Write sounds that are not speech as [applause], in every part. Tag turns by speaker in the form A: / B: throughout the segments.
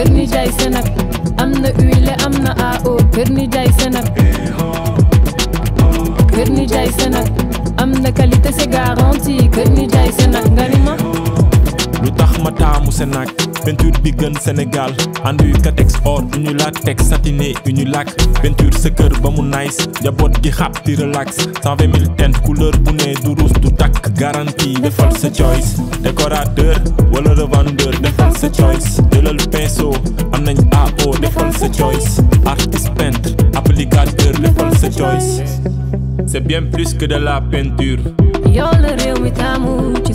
A: kër ni jaay senag am na huile am na AO kër
B: ni jaay senag kër ni jaay senag am na qualité c'est garanti kër ni jaay senag nga
C: lu tax ma tamu senak peinture bi gën Sénégal andu kat katex or ñu la tek satiné ñu peinture se kër ba mu nice jabot ya gi xap ti relax 120000 teint couleur bu né du rouge du tak garantie defal sa choice décorateur wala revendeur defal sa choice jëlal pinceau am nañ AO defal sa choice artiste peintre applicateur defal sa choice c'est bien plus que de la peinture
B: Yo le réew mi tamu ci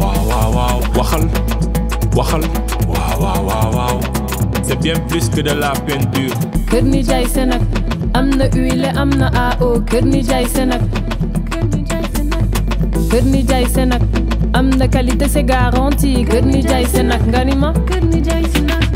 C: waaw waaw waaw waxal waxal waaw waaw waaw waaw c'est bien plus que de la peinture
B: kër ni jaay senak am na huile am na AO kër ni jaay senak kër ni jaay senak am na qualité c'est garanti kër ni jaay senak nga ni ma kër ni jaay senak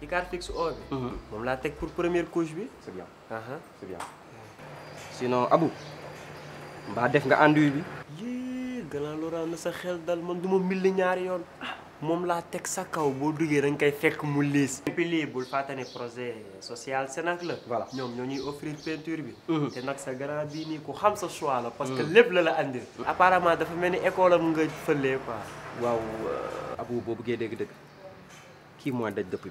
A: ci carte fixe mhm. moom laa teg pour première couche bi. c'est bien c'est bien. mbaa def nga enduit bi. yii gannaaw loolu na sa xel dal man du ma milli ñaari yoon. moom laa teg sa kaw boo duggee da nga koy fekk mu liis. et puis lii bul fàttali projet social Sénac la. voilà ñoom ñoo ñuy offrir peinture bi. Mhm. te nag sa grand bii nii ku xam sa choix la. parce que mhm. lépp la la andil. apparemment dafa mel ni école am nga fëlee quoi. waaw euh, Abou boo bëggee dégg-dëgg kii mooy daj dëpp bi.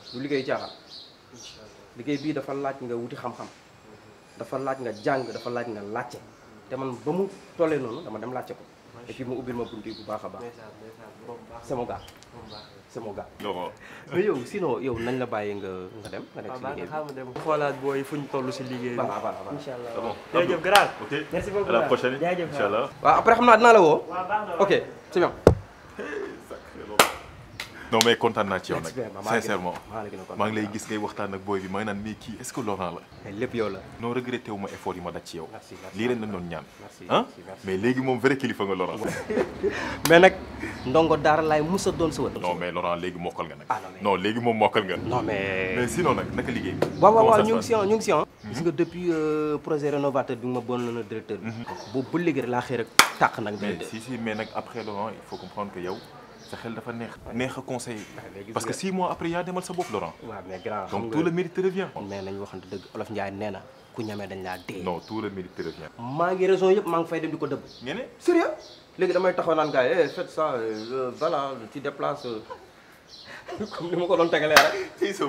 A: du liggéey caaxaan liggéey bii dafa laaj nga wuti xam-xam dafa laaj nga jàng dafa laaj nga laajte te man ba mu tollee noonu dama dem laajte ko et puis mu ubbil ma bunt yi bu baax a baax sama gars sama gars mais yow sinon yow nañ la bàyyee nga nga dem nga nekk si liggéey bi ah, xoolaat booy fuñ toll si liggéey bi voilà voilà incha allah ah jërëjëf grand ok la prochaine incha après xam naa dinaa la woo ok c'est bien
C: non mais kontaan naa ci yow nag sincèrement lay gis ngay waxtaan ak booy bi may naan mais kii est-ce Laurent la eh, lépp yow la non regretté ma effort yi ma daj ci yow lii leen nañ doon ñaan ah mais léegi moom vrai kilifa nga Laurent [laughs] mais nag ndongo daara laay mus a doon si wër non mais Laurent ah, léegi moom mokkal nga non mais mais sinon nag naka liggéey waaw waaw waaw ñu ngi si
A: ñu ngi si mhm. gis nga depuis euh, projet rénovateur bi ma bon na directeur bi mhm. boobu ba léegi rek laa xëy rek sa xel dafa neex conseil ah, parce que 6
C: mois après il a demal sa bopp Laurent
A: waaw mais grand donc tout le
C: mérite revient mais
A: nañu waxante deug olof Ndiaye nee ku ñame dañ la dé non tout le mérite revient ma ngi raison yëpp ma ngi fay dem di ko dëbb ngeen ne sérieux léegi damay taxaw naan gars yi eh, faites ça euh, voilà tu déplaces euh. [laughs] comme ni ma ko doon tegalee rek si sa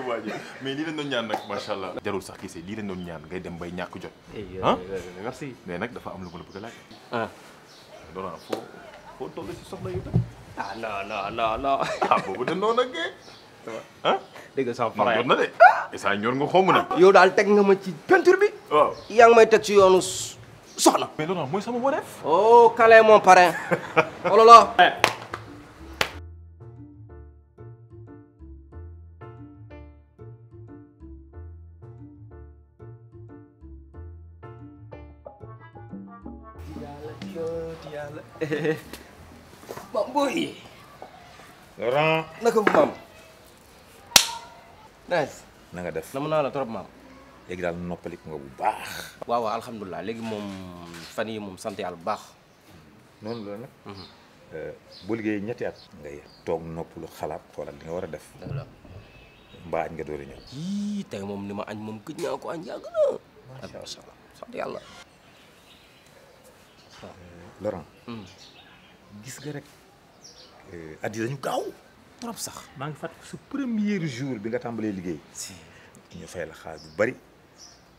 A: mais li leen doon ñaan nag macha
C: jarul sax gisee li leen doon ñaan ngay dem bay ñak jot ah merci mais nak dafa am lu ma bëgg a laaj ah Laurent foo foo toll ci soxla yu tam [laughs] Ah, no, no, no, no. ah
A: boobu de noonu ak ah dégg nga sama frère jot na de isa ñor nga xom na yow daal teg nga ma ci peinture bi waaw yaa ngi may teg ci yoonu soxna mais loolu mooy sama wareef oh kale mon parrain oh là là Yeah boy Laurent naka mam, nice ya, mhm. eh, ya. def namu naa la trop maam léegi daal noppalik nga bu baax waaw waaw alhamdulilah léegi moom fan yi moom sant baax noonu la nag bu ñetti at ngay xalaat nga def mbaa añ nga door a ñëw yii tey moom añ moom gëj añ na gis nga rek at yi dañu gaaw
C: trop sax maa ngi fàttali su premier jour bi nga tàmbalee liggéey si ñu fay la xaalis bu
A: bari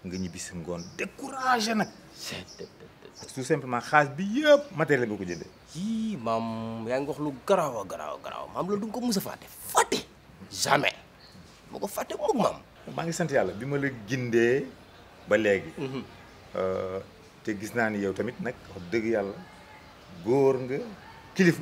A: nga ñibbi si ngoon
B: découragé nag
A: tout simplement xaalis bi yëpp matériel nga ko jëndee yii maam yaa ngi wax lu garaaw a garaaw maam loolu du nga ko mës fàtte fàtte jamais moo ko fàtte moom maam maa ngi sant yàlla bi ma la
C: gindee ba léegi mhm. euh, te gis naa ni yow tamit nag wax dëgg
A: yàlla góor nga kilifa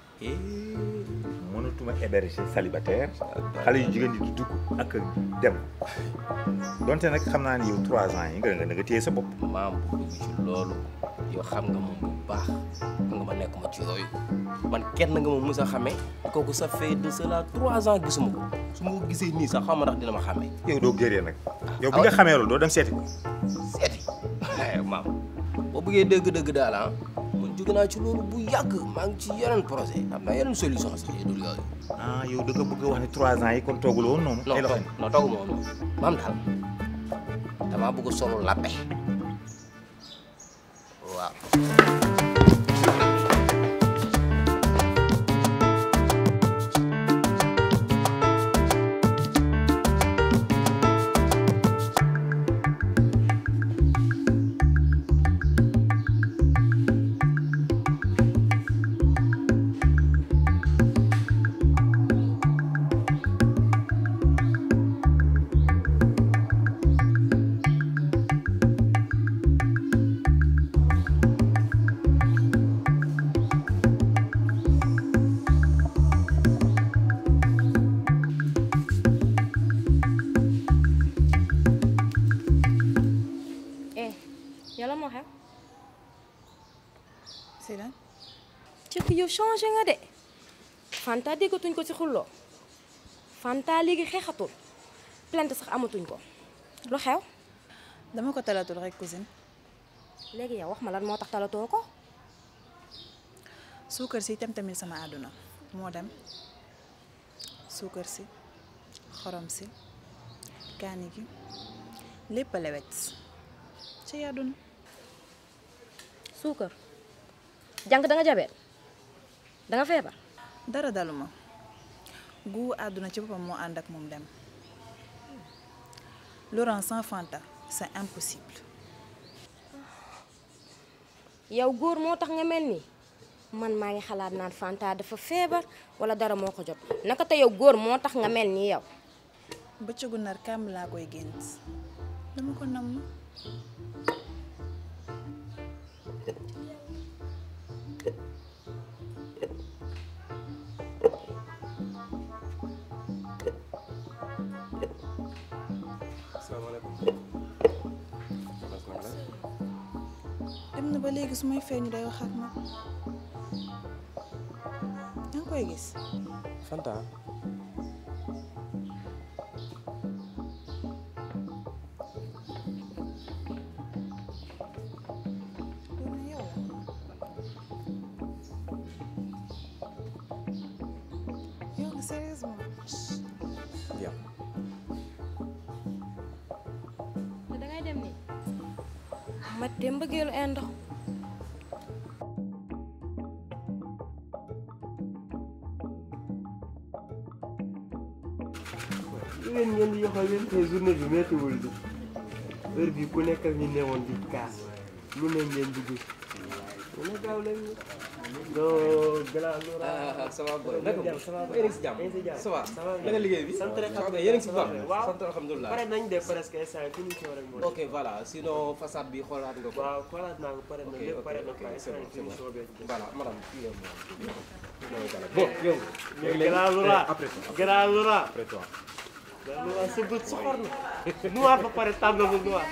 C: mënatuma héberger célibataire xale yu jigéen ñi di dugg ak dem
A: donte nag xam naa ni yow trois ans yi nga nga téye sa bopp. maam bu dugg ci loolu yow xam nga moom bu baax nga ma nekk ma ci yooyu man kenn nga ma mës a xamee kooku ça fait de cela trois ans gisuma ko su ma gisee nii sax xam ma ndax dina ma xamee. yow doo gëree nag. Ah, yow bu nga ah, xamee loolu doo dem seeti seeti [laughs] maam boo bëggee dëgg-dëgg daal ah. jóge naa ci loolu bu yàgg maa ci yeneen projet am naa yeneen solution sax ah yow da bëgg wax ne trois ans yi kon toogul woon bëgg solo labbe waaw
B: يلا موها سيلا تيخيو شانجي غا دي فانتا دي كو تونكو سي خولو فانتا ليغي خيخاتول بلانتا سخ امو تونكو لو خيو داما كو تالاتول ريك كوزين ليغي يا واخ ما لان موتاخ تالاتوكو سوكر سي تم تميل سما ادونا مو دم سوكر سي خرم سي كانيكي لي بلاويتس شي ادونا sukar jang da nga jabeet da nga dara daluma gu aduna ci papa mo andak mom dem Laurent sans Fanta c'est impossible yow gor motax nga melni man ma ngi xalaat nan Fanta dafa feebar
A: wala dara moko jot naka te yow gor motax nga melni yow
B: beccu gu nar kam la koy dama ko nam ba léegi su may feeñu day wax ak ma da koy gis.
A: Fanta. ma dem bëggeelu endo ngeen ngeen di yoxal leen te journée bi méttiwul di heure bi ku nekk ak ñu newoon di lu ne ngeen dugg mu ne gaaw leen doo gala lora ça va boy naka ça va yéen a ngi si jàmm ça va bi sant rek xam yéen a ngi pare nañ de presque instant ku ñu ci war a ok voilà sinon façade bi xoolaat nga ko waaw xoolaat naa ko pare na lépp pare na ko waaw sa bët soxor na noir ba pare tànnagul noir.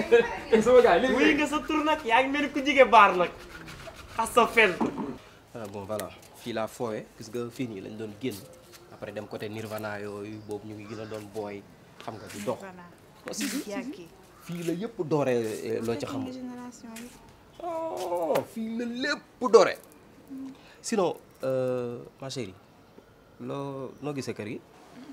A: tey sama gars léegi wuy nga sa tur yaa ngi mel ku jige baar nag xas sa fen. fii nii lañ doon génn après dem côté Nirvana yooyu boobu ñu ngi gën doon booy xam nga di dox. fii la yëpp doore loo ci xam
B: oh
A: fii la lépp doore sinon ma loo noo gisee kër yi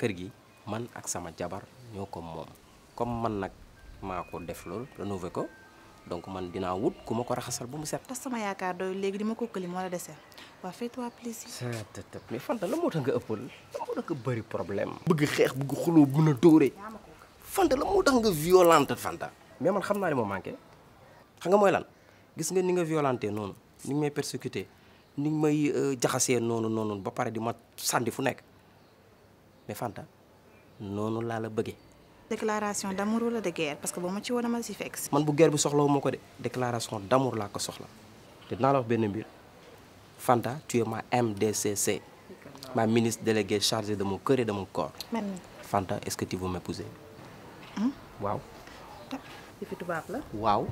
A: kër gi man ak sama jabar ñoko mom comme man nak mako def lool rénové ko donc man dina wut kuma ko raxasal
B: bu mu set tax sama yaakaar do légui dima ko këli mo la déssé wa fais toi plaisir
A: mais fanta la moo tax nga eppul mo da ko bari problème bëgg xex bëgg xuloo mën doré fan fanta la moo tax nga violente fanta mais man xamna naa li ma manqué xam nga moy lan gis nga ni nga violenté non ni nga may persécuté ni nga may non non non ba paré di ma sandi fu nek mais Fanta noonu laa la bëggee.
B: déclaration d'amour ou de guerre parce que bama ci wona ma si fekk si.
A: man bu guerre bu soxlawu ma de déclaration d'amour la ko soxla te dinaa la wax mbir Fanta tu es ma MDCC ma ministre déléguée chargée de mon cœur et de mon corps. Fanta est-ce que tu veux m'épouser. Hmm? waaw. yëfi tubaab la. waaw.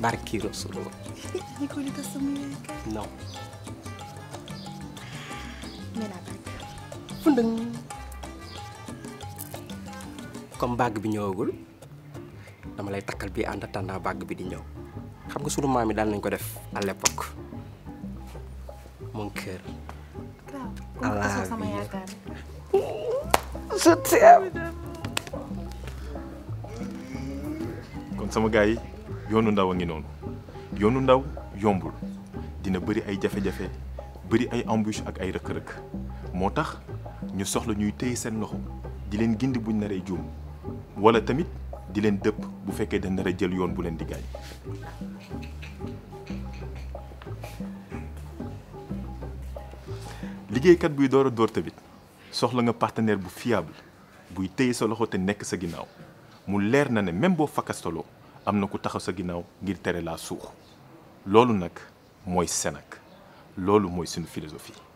A: barki Rasulullah.
B: [laughs] non. Mais là fundëng
A: comme bàgg bi ñëwagul dama lay takkal bii en attendant bàgg bi di ñëw xam nga sunu maam yi nañ ko def à l'époque mon cœur
B: je t'aime
C: kon sama gars yi yoonu ndaw a ngi noonu yoonu ndaw yombul dina bëri ay jafe-jafe bëri ay embûche ak ay rëkk-rëkk moo ñu soxla ñuy téy seen loxo di leen gindi buñ naree juum wala tamit di leen dëpp bu fekkee dañ nar a jël yoon bu leen di gaañ. liggéeykat buy door a door tamit soxla nga partenaire bu fiable buy téye sa loxo te nekk sa ginnaaw mu leer na ne même boo fakastaloo am na ku taxaw sa ginnaaw ngir tere laa suux loolu nag mooy senak loolu mooy suñu philosophie.